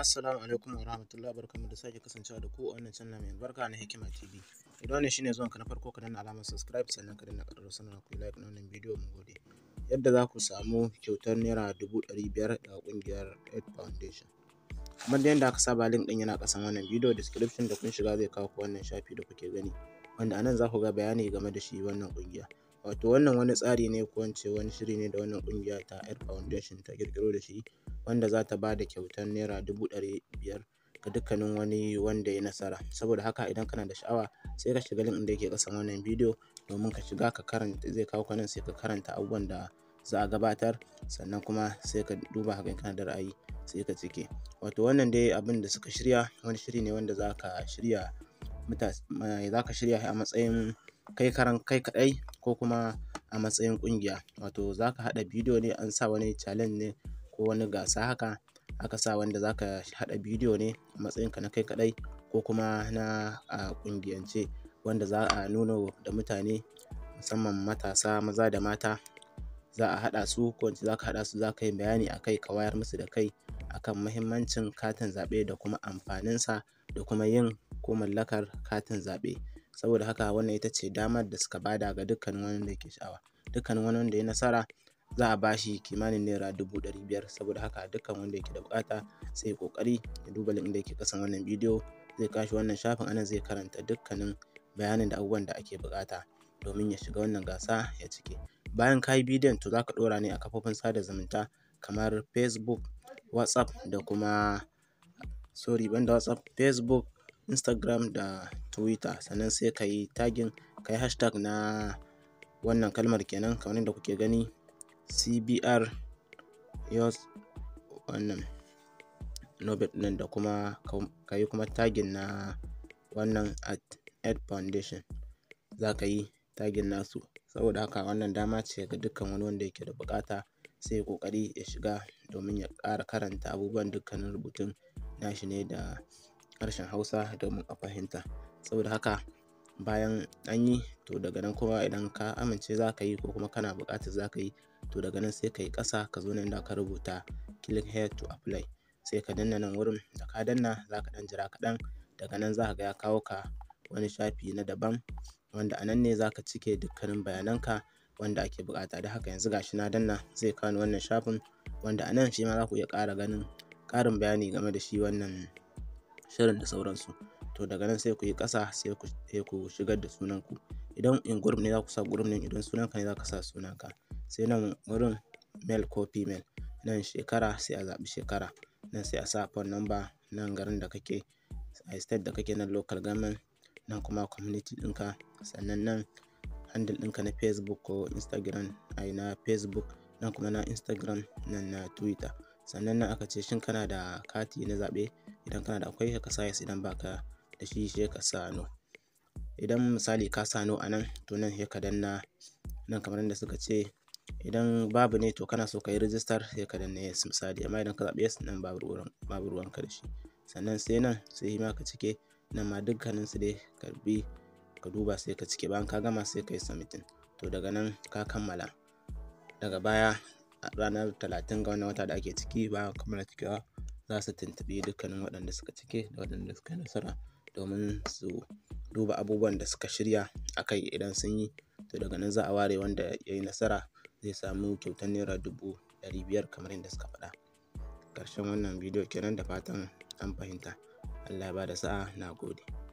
assalamu alaikum wa rahmatullahi da sake kasancewa da ku a wannan channel mai albarka na hikima tv idan wannan shine ka na farko ka danna alamar subscribe sannan ka danna ƙararrawar sanarwa ku like na wannan bidiyo mu gode yadda za ku samu kyautar naira dubu ɗari biyar daga ƙungiyar Ed Foundation kamar yadda aka saba link ɗin yana ƙasan wannan bidiyo description da kun shiga zai kawo ku wannan shafi da kuke gani wanda anan za ku ga bayani game da shi wannan ƙungiya wato wannan wani tsari ne ko in ce wani shiri ne da wannan ƙungiya ta Air Foundation ta ƙirƙiro da shi wanda za ta ba da kyautar naira dubu ɗari biyar ga dukkanin wani wanda ya nasara saboda haka idan kana da sha'awa sai ka shiga link ɗin da yake ƙasan wannan bidiyo domin ka shiga ka karanta zai kawo ka sai ka karanta abubuwan da za a gabatar sannan kuma sai ka duba hakan kana da ra'ayi sai ka cike wato wannan dai abin da suka shirya wani shiri ne wanda za ka shirya mutane eh, za ka shirya a matsayin kai karan kai kaɗai ko kuma a matsayin ƙungiya wato za ka haɗa bidiyo ne an sa wani challenge ne ko wani gasa haka aka sa wanda za ka haɗa bidiyo ne a matsayinka na kai kaɗai ko kuma na a ƙungiyance wanda za a nuna da mutane musamman matasa maza da mata za a haɗa su ko za ka haɗa su za ka yi bayani a kai ka wayar musu da kai akan muhimmancin katin zaɓe da kuma amfaninsa da kuma yin ko mallakar katin zaɓe saboda haka wannan ita ce damar da suka bada ga dukkanin wani da ke sha'awa dukkanin wani wanda ya nasara za a ba shi kimanin naira dubu ɗari biyar saboda haka dukkan wanda yake da bukata sai kokari ya duba link da yake kasan wannan bidiyo zai kashi wannan shafin anan zai karanta dukkanin bayanin da abubuwan da ake bukata domin ya shiga wannan gasa ya cike bayan ka yi bidiyon to za ka ɗora ne a kafofin sada zumunta kamar facebook whatsapp da kuma sorry banda whatsapp facebook Instagram da Twitter sannan sai ka yi tagin ka yi hashtag na wannan kalmar kenan kamar da kuke gani CBR yos wannan Nobel nan da kuma ka yi kuma tagin na wannan at Ed Foundation za ka yi tagin nasu saboda haka wannan dama ce ga dukkan wani wanda yake da bukata sai ya kokari ya shiga domin ya ƙara karanta abubuwan dukkanin rubutun nashi ne da harshen hausa domin a fahimta saboda haka bayan an yi to daga nan kuma idan ka amince za ka yi ko kuma kana buƙatar za ka yi to daga nan sai ka yi kasa ka zo nan da ka rubuta click here to apply sai ka danna nan wurin da ka danna za ka ɗan jira kaɗan daga nan za ka ga ya kawo ka wani shafi na daban wanda a nan ne za ka cike dukkanin bayananka wanda ake buƙata da haka yanzu gashi na danna zai kawo wannan shafin wanda a nan shi ma za ku iya ƙara ganin ƙarin bayani game da shi wannan shirin da sauransu to daga nan sai ku yi ƙasa sai ku shigar da sunan ku idan in group ne za ku sa group ne idan sunanka ne za ka sa sunanka sai nan wurin male ko female nan shekara sai a zaɓi shekara nan sai a sa phone number nan garin da kake a state da kake nan local government nan kuma community ɗinka sannan nan handle ɗinka na facebook ko instagram ai na facebook nan kuma na instagram nan na twitter sannan nan aka ce shin kana da kati na zaɓe idan kana da akwai ka sa yes idan baka da shi sai ka sa idan misali ka sa no a nan to nan sai ka danna nan kamar yadda suka ce idan babu ne to kana so ka yi rijistar sai ka danna yes misali amma idan ka zaɓi yes nan babu ruwan ka da shi sannan sai nan sai ma ka cike nan ma dukkanin su dai ka ka duba sai ka cike bayan ka gama sai ka yi submitting to daga nan ka kammala daga baya ranar talatin ga wannan wata da ake ciki ba kammala cikewa za su tuntuɓi dukkanin waɗanda suka cike da waɗanda suka yi nasara domin su duba abubuwan da suka shirya a kai idan sun yi to daga nan za a ware wanda ya yi nasara zai samu kyautar naira dubu ɗari biyar kamar yadda suka faɗa ƙarshen wannan bidiyo kenan da fatan an fahimta allah ya ba da sa'a na gode